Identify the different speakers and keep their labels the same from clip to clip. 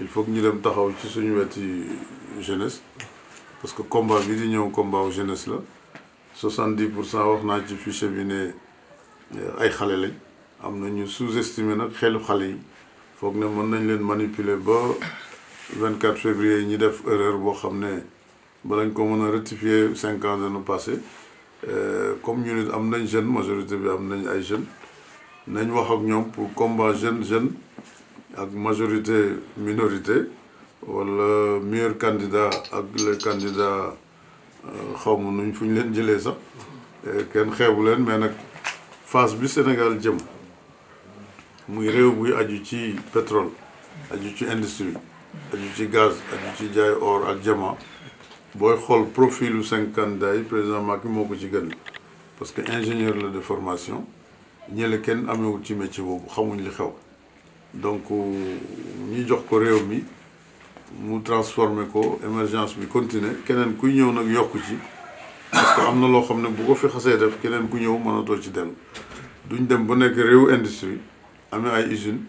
Speaker 1: il faut que dem taxaw ci suñu weti jeunesse parce que combat bi di ñëw combat wu jeunesse la soixante dix pour cent wax naa ci fichier bi ne euh, ay xale lañ am na ñu sous-estimé nag xelu xale yi foog ne mën nañ leen manipuler ba 24 février ñi def erreur boo xam ne balañ ko mën a rectifier cinq ans dañu passé euh, comme ñu am nañ jeune majorité bi am nañ ay jeune nañ wax ak ñoom pour combat jeune jeune ak majorité minorité walla meilleur candidat ak les candidats euh, xaw ma nuñ fu ñu leen jëlee sax eh, kenn xeebu leen mais nag phase bi Sénégal jëm muy réew buy aju ci pétrole aju ci industrie aju ci gaz aju ci jaay or ak jama booy xool profilu cinq candidats yi président Macky moo ko ci gën parce que ingénieur la de formation ñele kenn amewul ci métier boobu xamuñ li xew donc euh, ñu jox ko réew mi mu transformer ko émergence bi continuer keneen kuy ñëw nag yokku ci parce que am na loo xam ne bu ko fi xasee def keneen ku ñëw mënatoo ci dellu duñ dem ba nekk réew industrie amee ay usine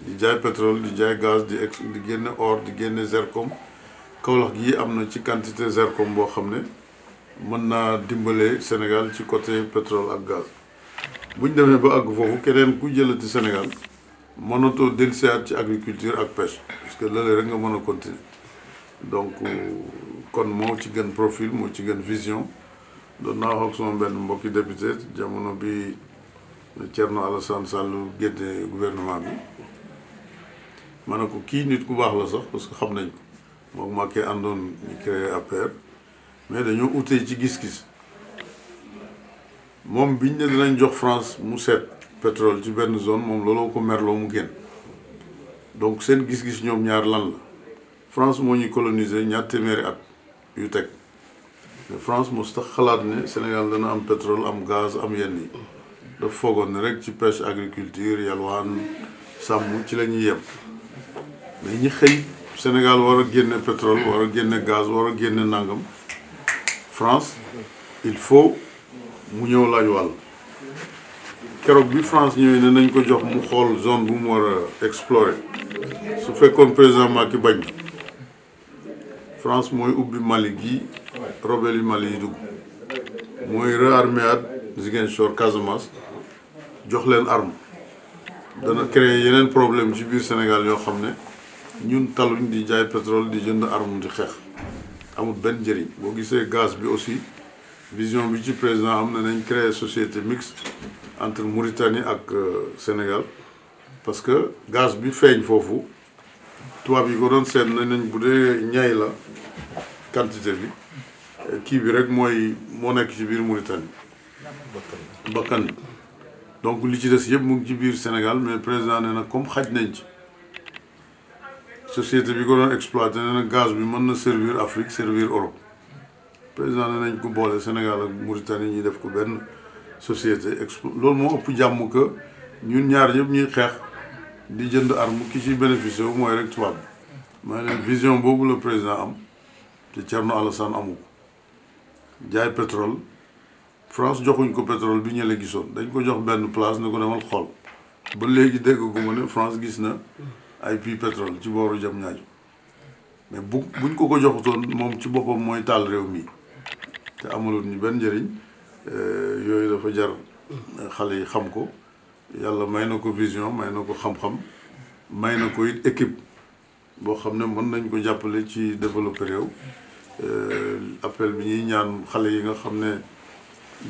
Speaker 1: di jaay pétrole di jaay gaz di ex di génne or di génne zircon Kaolack gi am na ci quantité zircon boo xam ne mën naa dimbale Sénégal ci côté pétrole ak gaz buñ demee ba àgg foofu keneen ku jëlati Sénégal mënatoo dellusiwaat ci agriculture ak pêche parce que lële rek nga mën a continuer donc euh, kon moo ci gën profil moo ci gën vision doon naa wax ak sama benn mbokki député jamono bi Thierno Alassane Sall génne gouvernement bi ma ne ko kii nit ku baax la sax parce que xam nañ ko moom maa koy àndoon ñu créé APR mais dañoo utee ci gis-gis moom bi ne dinañ jox France mu seet. pétrole ci benn zone moom looloo ko merloo mu génn donc seen gis-gis ñoom ñaar lan la France moo ñuy coloniser ñaar téeméeri at yu teg mais France mos tax xalaat ne Sénégal dana am pétrole am gaz am yenn yi daf foogoon ne rek ci pêche agriculture yalwaan sàmm ci la ñuy yem mais xëy Sénégal war a génne pétrole war a génne gaz war a génne nangam France il faut mu ñëw laaj wàll. keroog bi France ñëwee ne nañ ko jox mu xool zone bu mu war a explorer su fekkoon président Macky bañ France mooy ubbi Mali gi rebelle yi Mali yi dugg mooy réarmé at Ziguinchor Casamance jox leen arme dana créer yeneen problème ci biir Sénégal yoo xam ne ñun taluñ di jaay pétrole di jënd arme di xeex amul benn njëriñ boo gisee gaz bi aussi vision bi ci président am na nañ créer société mixte entre Mauritanie ak euh, Sénégal parce que gaz bi feeñ foofu tubaab bi ko doon seet nañ bu dee ñay la quantité bi kii bi rek mooy moo nekk ci biir Mauritanie bakkan bi donc li ci des yëpp mu ngi ci biir Sénégal mais président nee na comme xaj nañ ci société bi ko doon exploité nee na gaz bi mën na servir Afrique servir Europe président nee nañ ko boole Sénégal ak Mauritanie ñi def ko benn société expo loolu moo ëpp jàmm que ñun ñaar ñëpp ñuy xeex di jënd arme ki ci bénéficié wu mooy rek tubaab bi ma vision boobu la président am te Thierno Alassane amu ko jaay pétrole France joxuñ ko pétrole bi ñële gisoon dañ ko jox benn place ne ko demal xool ba léegi dégg gu ma ne France gis na ay puits pétrole ci booru jam ñaaju mais bu buñ ko ko joxutoon moom ci boppam mooy taal réew mi te amaloon ñu benn njëriñ Euh, yooyu dafa jar euh, xale yi xam ko yàlla may na ko vision may na ko xam-xam may na ko it équipe boo xam ne mën nañ ko jàppale ci développer réew euh, appel bi ñuy ñaan xale yi nga xam ne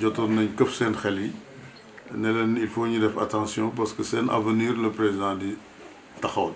Speaker 1: jotoon nañ këf seen xel yi ne leen il faut ñu def attention parce que seen avenir le président di taxawal